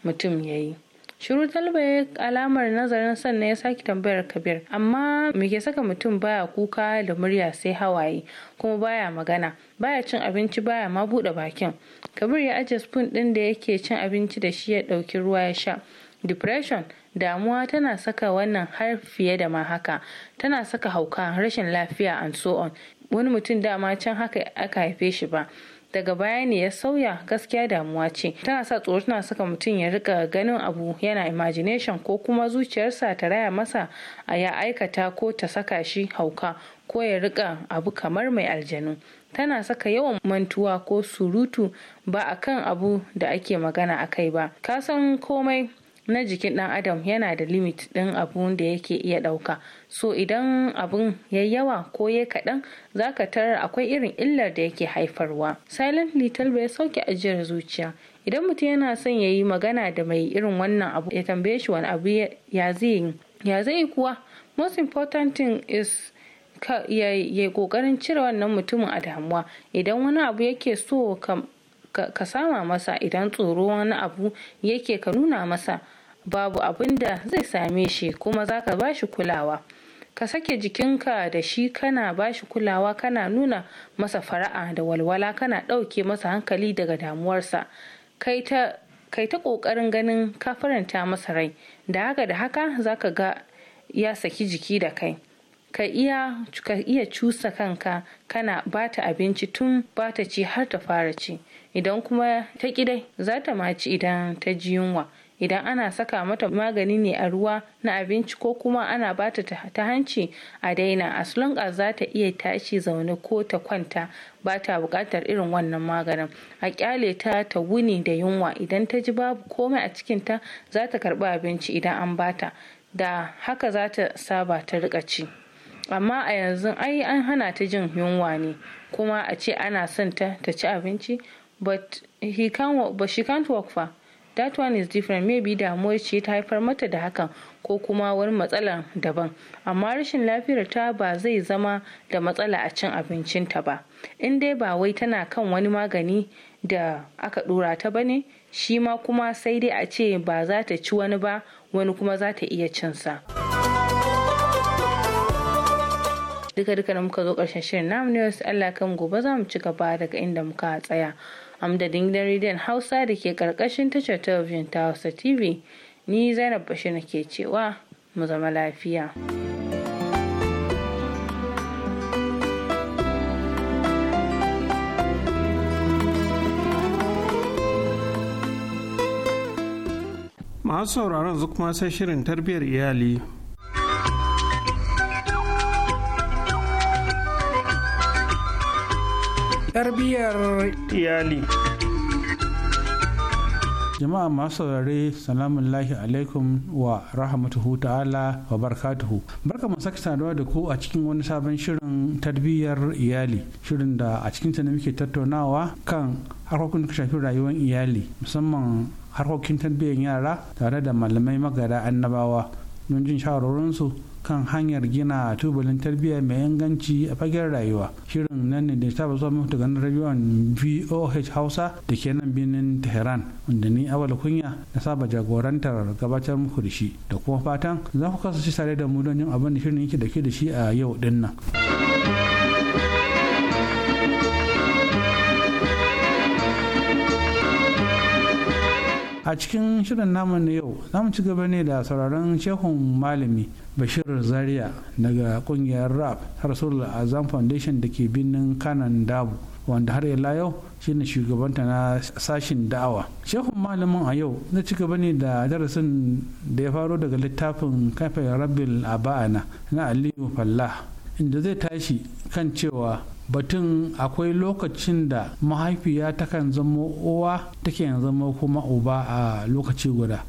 mutum ya yi shiru talba ya alamar nazarin sannan ya sake tambayar kabir amma me ke saka mutum baya kuka da murya sai hawaye kuma baya magana baya cin abinci baya ma buɗe bakin kabir ya ajiye spoon ɗin da yake cin abinci da shi ya ɗauki ruwa ya sha depression damuwa tana saka wannan har fiye da ma haka tana saka hauka rashin lafiya and so on wani mutum dama can haka aka haife shi ba daga baya ne ya sauya gaskiya damuwa ce tana sa tsoro tana saka mutum ya rika ganin abu yana imagination ko kuma zuciyarsa ta raya masa a ya aikata ko ta saka shi hauka ko ya rika abu kamar mai aljanu tana saka yawan mantuwa ko surutu ba a kan abu da ake magana akai kai ba san komai na jikin dan adam yana da limit din abun da yake iya dauka so idan abun ya yawa ko ya kaɗan ka tarar akwai irin illar da yake haifarwa silent little ya sauke ajiyar zuciya idan mutum yana son ya yi magana da mai irin wannan abu ya tambaye shi wani abu ya zai ya kuwa most important thing is ya kokarin cire wannan mutumin a damuwa idan wani abu yake so ka sama masa idan tsoro wani abu yake ka nuna masa babu abin da zai same shi kuma za ka ba shi kulawa ka sake jikinka da shi kana ba shi kulawa kana nuna masa fara'a da walwala kana ɗauke masa hankali daga damuwarsa kai ta ƙoƙarin ganin ka faranta masa rai da haka da haka za ka ga ya saki jiki da kai ka iya ka iya cusa kanka kana bata abinci tun bata ci har ta fara ci idan kuma ta kidai za ta ma idan ta ji yunwa idan ana saka mata magani ne a ruwa na abinci ko kuma ana bata ta hanci a daina as long as za ta iya tashi zaune ko ta kwanta ba ta buƙatar irin wannan maganin a kyale ta ta wuni da yunwa idan ta ji babu komai a cikinta za ta karɓi abinci idan an bata da haka za ta saba ta rika ci amma a yanzu ai an hana ta jin yunwa ne kuma a ce ana son ta ta ci abinci but, he kan but she can't work fa that one is different maybe damuwar ce ta haifar mata da hakan ko kuma wani matsalar daban amma rashin lafiyar ta ba zai zama da matsala a cin abincinta ba in dai ba wai tana kan wani magani da aka dora ta ne shi ma kuma sai dai a ce ba za ta ci wani ba wani kuma za ta iya cinsa. duka duka da muka zo karshen shirin namu ne wasu Allah kan gobe za mu ci gaba daga inda muka tsaya amdadin gidan rediyon hausa da ke karkashin tashar talabijin ta hausa tv ni zainab bashir ke cewa mu zama lafiya. masu sauraron zukuma sai shirin tarbiyyar iyali tarbiyyar iyali jama'a masu saurare salamun lahi alaikum wa rahmatuhu ta'ala wa barkatuhu barka mu sake saduwa da ku a cikin wani sabon shirin tarbiyyar iyali shirin da a cikin ne muke tattaunawa kan harkokin da shafi rayuwar iyali musamman harkokin tarbiyyar yara tare da malamai magada annabawa don jin shawarorinsu kan hanyar gina tubalin tarbiyya mai inganci a fagen rayuwa shirin nan ne da ta ba zuwa daga rajon voh hausa da ke nan birnin tehran wanda ni awal kunya na saba jagorantar gabatar muku da shi da kuma fatan za ku kasance tare da mu don yin abin da shirin yake ke da shi a yau din a cikin shirin namu na yau za mu ci gaba ne da sauraron shehun malami bashir zaria daga kungiyar rap rasul azam foundation da ke birnin kanan dabu wanda har layo yau shine shugabanta na sashin da'awa shehun malamin a yau na ci gaba ne da darasin da ya faro daga littafin kafin a ba'ana na aliyu fallah inda zai tashi kan cewa batun akwai lokacin da mahaifiya kan zama uwa take zama kuma uba a lokaci guda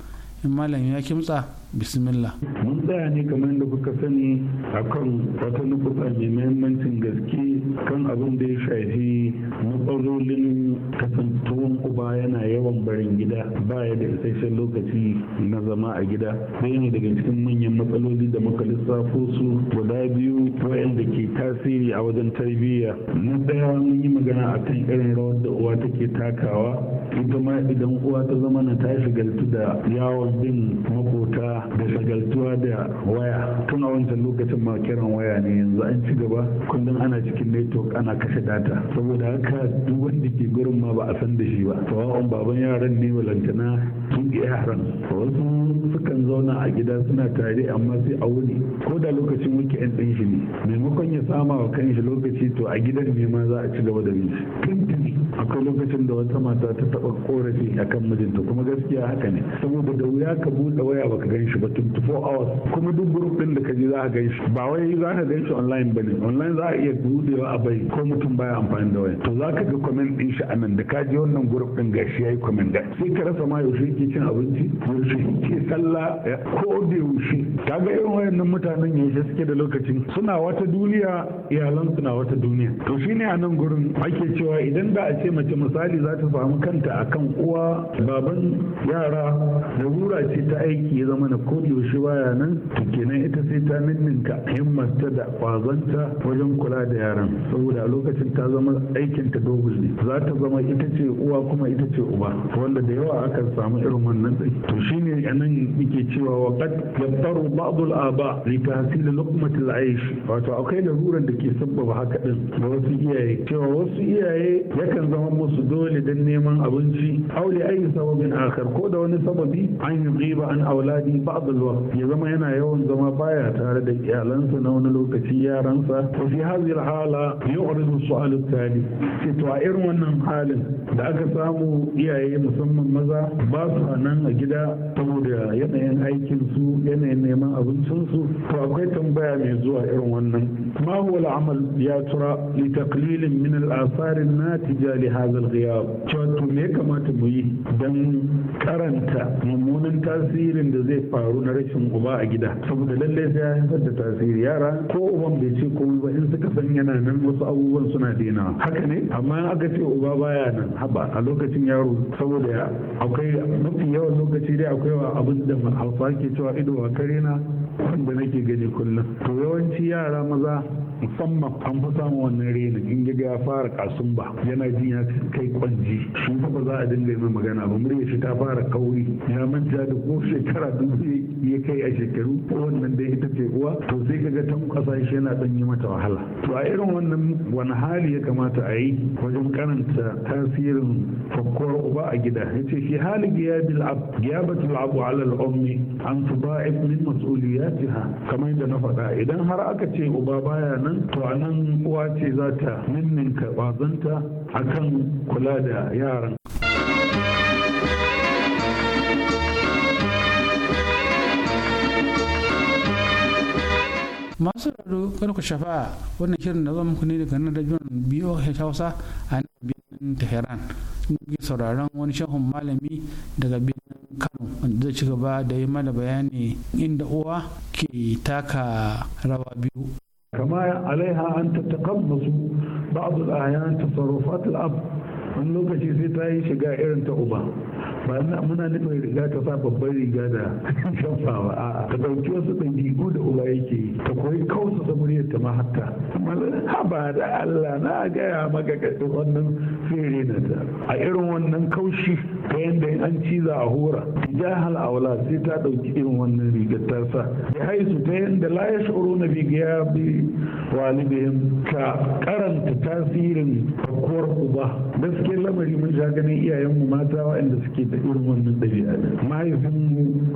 in malam ya kimtsa bismillah mun tsaya ne kamar yadda kuka sani a kan wata nukuta mai mahimmancin gaske kan abin da ya shafi matsalolin kasantuwan uba yana yawan barin gida baya da isasshen lokaci na zama a gida ɗaya ne daga cikin manyan matsaloli da muka lissafo su guda biyu wayanda ke tasiri a wajen tarbiyya na ɗaya mun yi magana akan irin rawar da uwa take takawa ita ma idan uwa ta zama na ta shigaltu da yawon bin makota da shagaltuwa da waya tun a wancan lokacin ma kiran waya ne yanzu an ci gaba kullum ana cikin network ana kashe data saboda haka duk wanda ke gurin ma ba a san da shi ba sawa'un baban yaran ne walantana sun yaran wasu sukan zauna a gida suna tare amma sai a wuni ko da lokacin wuke yan ɗin shi ne maimakon ya sama wa shi lokaci to a gidan ne ma za a ci gaba da bin shi akwai lokacin da wata mata ta taɓa korafi akan mijinta kuma gaskiya haka ne saboda da wuya ka buɗe waya baka gan shi shi ba 24 hours kuma duk group din da ka ji za ka gan shi ba wai za ka gan shi online ba ne online za a iya budewa a bai ko mutum baya amfani da waya to za ka ga comment din shi a nan da ka je wannan group din gashi yayi comment da sai ka rasa ma yaushe yake cin abinci yaushe yake sallah ko da yaushe ga irin wayannan mutanen yaushe suke da lokacin suna wata duniya iyalan suna wata duniya to shine a nan gurin ake cewa idan da a ce mace misali za ta samu kanta akan uwa baban yara da ce ta aiki ya zama na ko yaushe baya nan kenan ita sai ta ninninka himmarta da kwazanta wajen kula da yaran saboda a lokacin ta zama aikin ta dogon ne za ta zama ita ce uwa kuma ita ce uba wanda da yawa akan samu irin wannan tsayi to shine anan yake cewa wa qad yaftaru ba'd al-aba li tahsil luqmat al-aish wato akwai laruran da ke sabbaba haka din ga wasu iyaye cewa wasu iyaye yakan zama musu dole dan neman abinci aure ayi sababin akar ko da wani sababi an yi riba an auladi ba'd ya zama yana yawan zama baya tare da iyalansa na wani lokaci yaransa to fi hadhihi al-hala yu'ridu su'al al-tali sai to a irin wannan halin da aka samu iyaye musamman maza ba su nan a gida saboda yanayin aikin su yanayin neman abincin su to akwai tambaya mai zuwa irin wannan ma huwa al ya tura li min al-athar an-natija li hadha al kamata mu yi dan karanta mummunan tasirin da zai faru na rashin uba a gida saboda lallai sai ya haifar da tasiri yara ko uban bai ce komai ba in suka san yana nan wasu abubuwan suna dainawa haka ne amma in aka ce uba baya nan haba a lokacin yaro saboda akwai mafi yawan lokaci dai akwai abin da hausa ke cewa ido a kare na da nake gani kullum to yawanci yara maza musamman an fi samun wannan rena. in ga ya fara kasum ba yana jin ya kai kwanji shi ba za a dinga yin magana ba murya shi ta fara kauri ya manta da ko shekara dubu ya kai a shekaru ko wannan dai ita ce uwa to sai kaga tan kasa shi yana dan yi mata wahala to a irin wannan wani hali ya kamata a yi wajen karanta tasirin fakkuwar uba a gida yace shi hali giyabil ab giyabatul abu ala al ummi an tubaif min mas'uliyya ajiha kamar yadda na faɗa idan har aka ce uba baya nan to a nan uwa ce za ta ninninka bazanta kan kula da yaran masu rado kan ku shafa wannan shirin da zan muku ne daga nan rajon biyu hausa a nan birnin tehran muke sauraron wani shahun malami daga birnin kano wanda zai ci gaba da yi mana bayani inda uwa ke taka rawa biyu kama alaiha an ta taƙabbasu ba'adu al'ayan tasarrufat al-ab wani lokaci sai ta yi shiga irin ta uba ba muna nufin riga ta sa babban riga da shafawa <laughs> a ta dauki wasu ɗabi'u da uba yake ta koyi kausa ta muryar ta ma hatta haɓa da Allah na gaya maka kaɗi wannan fere na ta a irin wannan kaushi ta yadda an ciza a hura jahal aula sai ta ɗauki irin wannan rigar ta sa ya haisu ta yadda la ya shuru na bigiya bi walibihim ka karanta tasirin fakuwar uba gaskiyar lamari mun sha ganin iyayenmu mata waɗanda suke da irin wannan ɗabi'a mahaifin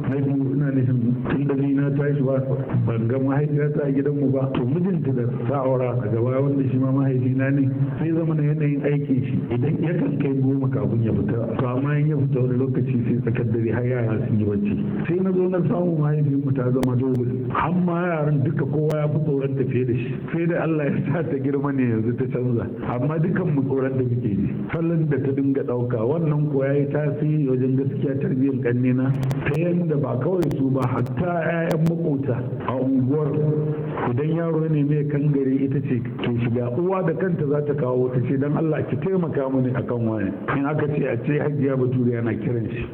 na biyu ina nufin tun da ni na tashi ba ban ga mahaifiyata a gidanmu ba to mijinta da sa'aura a gaba wanda shi ma mahaifina ne sai zama na yanayin aikin shi idan yakan kai goma kafin ya fita to amma in ya fita wani lokaci sai tsakar dare har yaya sun yi bacci sai na zo na samu mahaifin mu ta zama dogul har ma yaran duka kowa ya fi tsoron tafiye da shi sai da Allah ya sa ta girma ne yanzu ta canza amma dukan mu tsoron da muke ji salon da ta dinga ɗauka wannan ko ya yi tasiri wajen gaskiya tarbiyyar na ta yadda ba kawai su ba hatta 'ya'yan makota a unguwar idan yaro ne mai kangare ita ce ke shiga uwa da kanta za ta kawo ta ce dan Allah ki taimaka mani akan wani in aka ce a ce hajiya bature yana kiran shi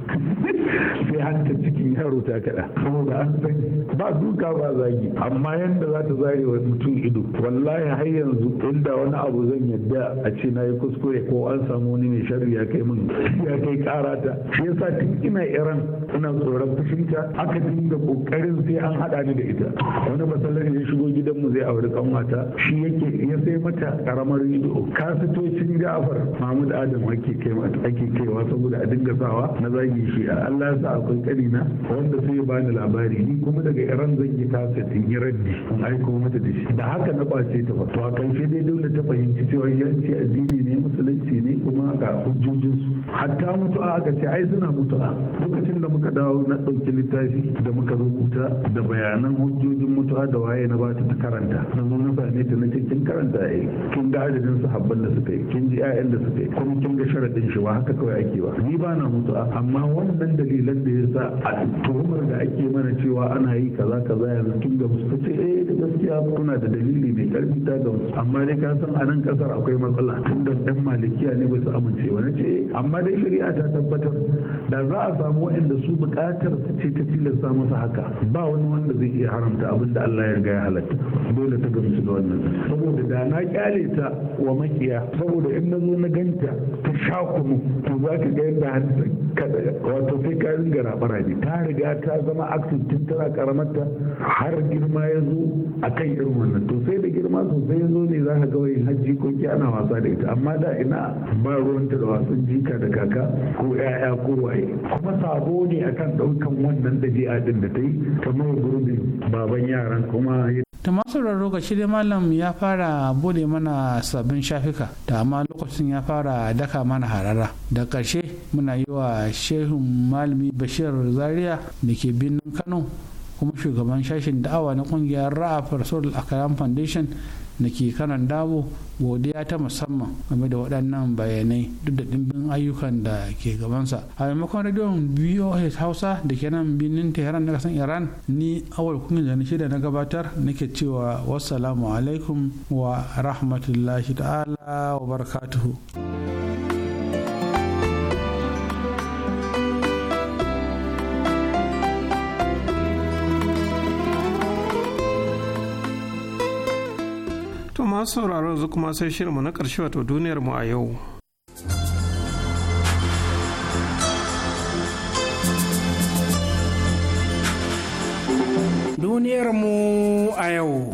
<laughs> sai hanta cikin yaro ta kada saboda an san ba duka ba zagi amma yanda za ta zare wa mutum ido wallahi har yanzu inda wani abu zan yadda a ce na yi kuskure ko an samu wani mai sharri ya kai min ya kai karata shi yasa tun ina iran ina tsoron fushinta aka dinga kokarin sai an hada ni da ita wani masallaci ya shigo gidan mu zai auri kanwata shi yake ya sai mata karamar rido kasitocin jafar mahmud adam ake kai ake kaiwa saboda a dinga sawa na zagi shi a allah sa akwai na wanda sai ba ni labari ni kuma daga iran zan yi tasa in yi raddi in aiko mata da shi da haka na kwace ta ba to a karshe dai dole ta fahimci cewa yanci addini musulunci ne kuma ga hujjojinsu hatta mutuwa aka ce ai suna mutuwa. lokacin da muka dawo na ɗauki littafi da muka rubuta da bayanan hujjojin mutuwa da waye na bata ta karanta na zo na same ta na kin karanta yi eh. kin ga adadin su habban da suka yi kin ji ƴaƴan da suka yi kuma kin ga sharadin shi ba haka kawai ake ba ni ba na mutuwa. amma wannan dalilan da ya sa a tuhumar da ake mana cewa ana yi kaza kaza yanzu kin ga musu ce eh da gaskiya kuna da dalili mai karfi ta ga amma dai ka san a nan kasar akwai matsala tun dan malikiya ne ba su amince wani ce eh, amma dai shari'a ta tabbatar da za a samu waɗanda su buƙatar su ce ta tilasta masa haka ba wani wanda zai iya haramta abin da Allah ya riga ya halatta dole ta gamsu da wannan saboda da na kyale ta wa makiya saboda in na zo na ganta ta sha kunu to za ka ga yadda wato sai ka ringa rabara ne ta riga ta zama aksin tun tana ta. har girma ya zo a kan irin wannan to sai da girma sosai ya zo ne za ka ga wai hajji ko ana wasa da ita amma da ina ba ruwanta da wasan jika da kaka ko 'ya'ya ko waye kuma sabo ne akan daukan wannan ɗabi'a din da ta yi ta mai gurbin baban yaran kuma ta masu ga shirin malam ya fara bude mana sabbin shafika da amma lokacin ya fara daka mana harara da karshe muna yi wa shehun malami bashir zaria da ke birnin kano kuma shugaban shashin da'awa na kungiyar ra'a farsol akaram foundation da ke kanan dawo godiya ta musamman game da waɗannan bayanai duk da ɗimbin ayyukan da ke gabansa a maimakon rediyon boh hausa da ke nan birnin tehran na kasan iran ni awal kunya da shida na gabatar nake cewa wassalamu alaikum wa rahmatullahi ta'ala wa barakatuhu. masu sauraro yanzu kuma sai shirinmu na ƙarshe wato duniyar mu a yau. Duniyar mu a yau.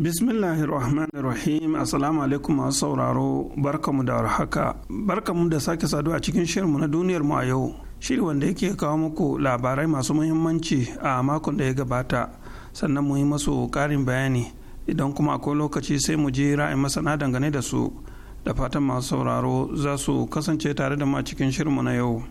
Bismillahirrahmanirrahim Rahim Assalamu alaikum masu sauraro barkamu da warhaka barkamu da sake saduwa cikin shirinmu na duniyar mu a yau shiri wanda yake kawo muku labarai masu muhimmanci a makon da ya gabata sannan mu yi masu ƙarin bayani idan kuma akwai lokaci sai mu je ra'ayin masana dangane da su da fatan masu sauraro za su kasance tare da mu a cikin shirinmu na yau.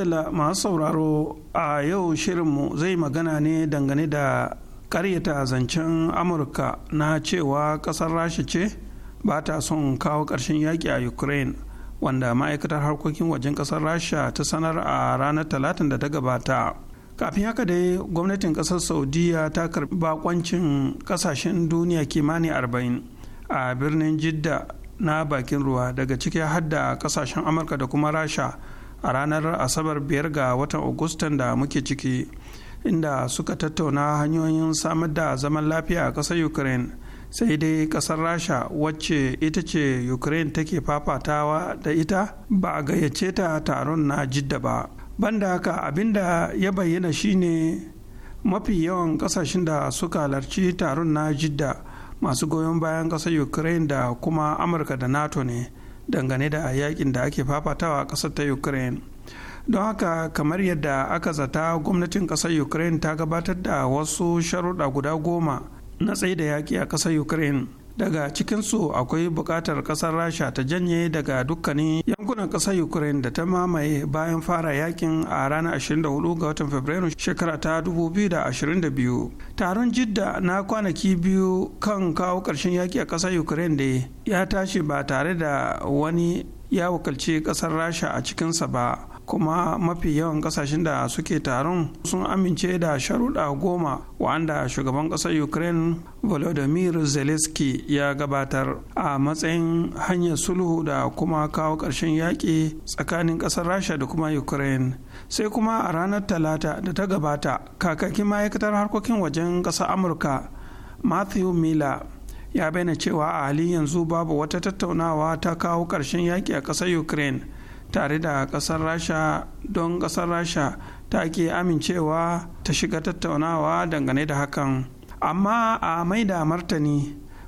adala masu sauraro a yau shirinmu zai magana ne dangane da karyata zancen amurka na cewa kasar rasha ce ba ta son kawo ƙarshen yaƙi a ukraine wanda ma'aikatar harkokin wajen ƙasar rasha ta sanar a ranar talatin da ta gabata kafin haka dai gwamnatin ƙasar saudiya ta karbi bakoncin ƙasashen duniya kimanin arba'in a birnin jidda na bakin ruwa daga ciki hadda ƙasashen amurka da kuma rasha a ranar asabar biyar ga watan agustan da muke ciki inda suka tattauna hanyoyin samar da zaman lafiya a ƙasar ukraine sai dai ƙasar rasha wacce ita ce ukraine take fafatawa da ita ba a gayyace ta taron na jidda ba banda haka abinda ya bayyana shine mafi yawan kasashen da suka halarci taron na jidda masu goyon bayan ƙasar ukraine da kuma amurka da nato ne dangane da yakin da ake fafatawa a ƙasar ta ukraine don haka kamar yadda aka zata gwamnatin ƙasar ukraine ta gabatar da wasu sharuɗa guda goma na tsaye da yaƙi a ƙasar ukraine daga cikinsu akwai buƙatar ƙasar rasha ta janye daga dukkanin yankunan ƙasar ukraine da ta mamaye bayan fara yakin a ranar 24 ga watan fabrairu shekara ta 2022 taron jidda na kwanaki biyu kan kawo ƙarshen yaƙi a ƙasar ukraine da ya tashi ba tare da wani ya wakilci ƙasar rasha a cikinsa ba kuma mafi yawan kasashen da suke taron sun amince da sharuɗa goma wanda shugaban ƙasar ukraine volodymyr zelensky ya gabatar a matsayin hanyar sulhu da kuma kawo ƙarshen yaƙi tsakanin ƙasar rasha da kuma ukraine sai kuma a ranar talata da ta gabata kakakin ma'aikatar harkokin wajen ƙasar amurka matthew miller ya bayyana cewa a halin yanzu babu wata tattaunawa ta kawo ƙarshen yaƙi a ƙasar ukraine tare da kasar rasha don kasar rasha ta ke amincewa ta shiga tattaunawa dangane da hakan amma a mai da martani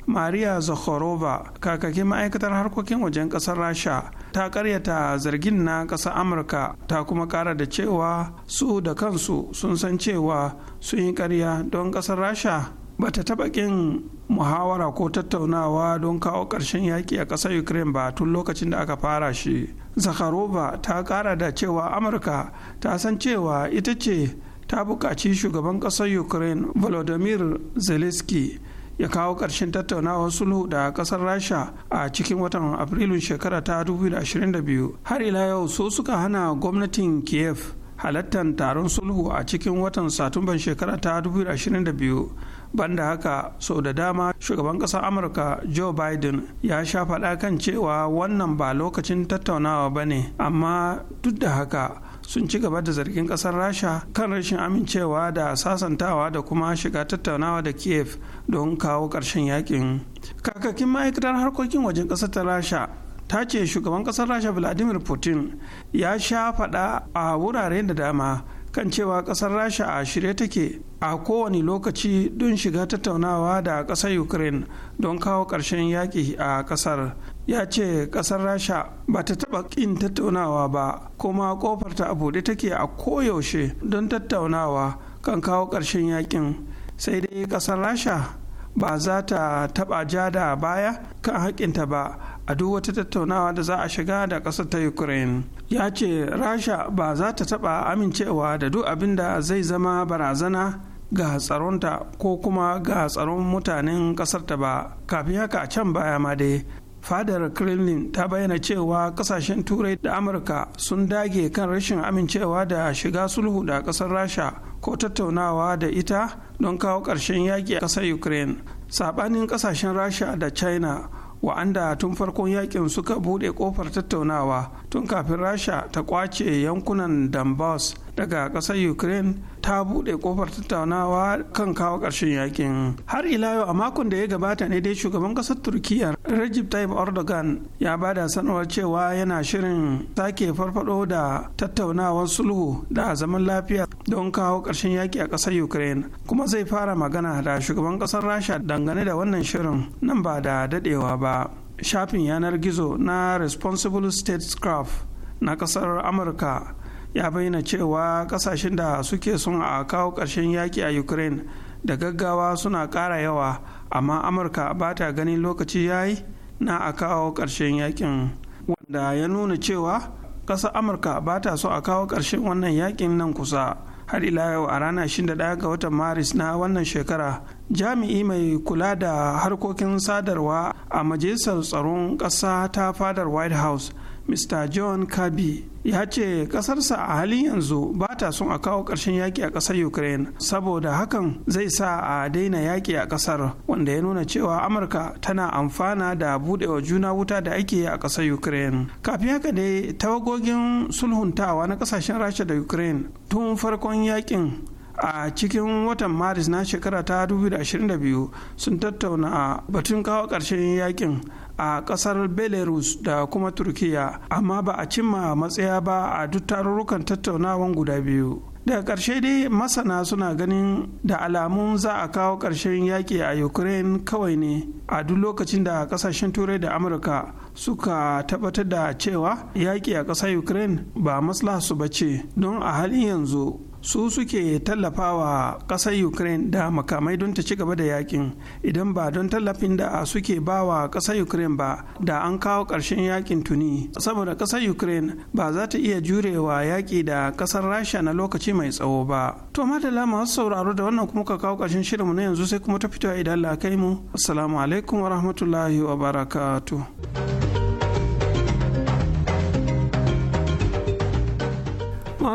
maria zakharova kakakin ma'aikatar harkokin wajen kasar rasha ta karyata zargin na kasar amurka ta kuma kara da cewa su da kansu sun san cewa sun yi karya don kasar rasha ba ta taɓa ƙin muhawara ko tattaunawa don kawo ƙarshen yaƙi a ƙasar ukraine ba tun lokacin da aka fara shi zakharova ta kara da cewa amurka ta san cewa ita ce ta buƙaci shugaban ƙasar ukraine volodymyr zelensky ya kawo ƙarshen tattaunawar sulhu da ƙasar rasha a cikin watan afrilun shekara ta 2022 har ila yau so suka hana gwamnatin kiev halattar taron sulhu a cikin watan satumban shekara ta 2022 banda haka sau da dama shugaban ƙasar amurka joe biden ya sha faɗa kan cewa wannan ba lokacin tattaunawa ba ne amma duk da haka sun ci gaba da zargin ƙasar rasha kan rashin amincewa da sasantawa da kuma shiga tattaunawa da kiev don kawo ƙarshen yakin kakakin ma'aikatar harkokin wajen ƙasar ta rasha ta ce shugaban ƙasar rasha vladimir putin ya sha faɗa a wurare da dama kan cewa kasar rasha a shirye take a kowane lokaci don shiga tattaunawa da kasar ukraine don kawo ƙarshen yaƙi a kasar ya ce kasar rasha ba ta taɓa ƙin tattaunawa ba kuma ƙofarta ta buɗe take a koyaushe don tattaunawa kan kawo ƙarshen yaƙin sai dai kasar rasha ba za ta taɓa ja da baya kan haƙinta ba a duk wata tattaunawa da za a shiga da ƙasar ta ukraine ya ce rasha ba za ta taɓa amincewa da duk abin da zai zama barazana ga tsaronta ko kuma ga tsaron mutanen ƙasarta ba kafin haka a can baya ma dai fadar kremlin ta bayyana cewa kasashen turai da amurka sun dage kan rashin amincewa da shiga sulhu da ƙasar rasha ko tattaunawa da ita don kawo ƙarshen yaƙi a ƙasar ukraine saɓanin ƙasashen rasha da china wa'anda tun farkon yakin suka buɗe ƙofar tattaunawa tun kafin rasha ta kwace yankunan donbass daga ƙasar ukraine ta buɗe kofar tattaunawa kan kawo ƙarshen yakin har ila yau a makon da ya gabata ne dai shugaban ƙasar turkiya Recep Tayyip Erdogan ya ba da sanarwar cewa yana shirin sake farfado da tattaunawar sulhu da zaman lafiya don kawo ƙarshen yaki a ƙasar Ukraine kuma zai fara magana da shugaban ƙasar Rasha dangane da wannan shirin nan ba da daɗewa ba. Shafin yanar gizo na Responsible Statecraft na ƙasar Amurka ya bayyana cewa kasashen da suke son a kawo ƙarshen yaƙi a ukraine da gaggawa suna ƙara yawa amma amurka ba ta ganin lokaci ya yi na a kawo ƙarshen yaƙin wanda ya nuna cewa ƙasar amurka ba ta so a kawo ƙarshen wannan yaƙin nan kusa har ila yau a ranar 21 ga watan maris na wannan shekara jami'i mai kula da harkokin sadarwa a majalisar tsaron ƙasa ta fadar white house mr john Kabi ya ce kasarsa a halin yanzu ba ta son a kawo ƙarshen yaƙi a ƙasar ukraine saboda hakan zai sa a daina yaƙi a ƙasar wanda ya nuna cewa amurka tana amfana da buɗewa juna wuta da ake yi a ƙasar ukraine kafin haka dai tawagogin sulhuntawa na ƙasashen rasha da ukraine tun farkon yaƙin a cikin watan maris na shekara ta 2022 sun tattauna batun kawo ƙarshen yakin a kasar belarus da kuma turkiya amma ba a cimma matsaya ba a duk tarurrukan tattaunawan guda biyu daga ƙarshe dai masana suna ganin da alamun za a kawo ƙarshen yaƙi a ukraine kawai ne a duk lokacin da ƙasashen turai da amurka suka tabbatar da cewa yaƙi a ƙasar ukraine ba maslaha su ba ce don a halin yanzu su suke tallafawa ƙasar ukraine da makamai don ta ci gaba da yakin idan ba don tallafin da suke ba wa ƙasar ukraine ba da an kawo ƙarshen yakin tuni saboda ƙasar ukraine ba za ta iya jurewa yaƙi da ƙasar rasha na lokaci mai tsawo ba to madalla masu sauraro da wannan kuma ka kawo ƙarshen shirinmu na yanzu sai kuma ta fito idan la kai mu assalamu alaikum wa rahmatullahi wa barakatuh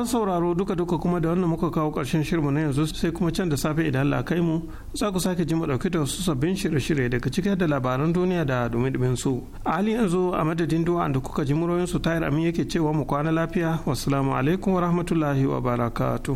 masu sauraro duka duka kuma da wannan muka kawo ƙarshen shirmu na yanzu sai kuma can da safe idan Allah kai mu za ku sake ji mu ɗauki da wasu sabbin shirye-shirye daga cike da labaran duniya da dumi-dumin su a halin yanzu a madadin duwa da kuka ji muroyin su tayar amin yake cewa mu kwana lafiya wassalamu alaikum wa rahmatullahi wa barakatuh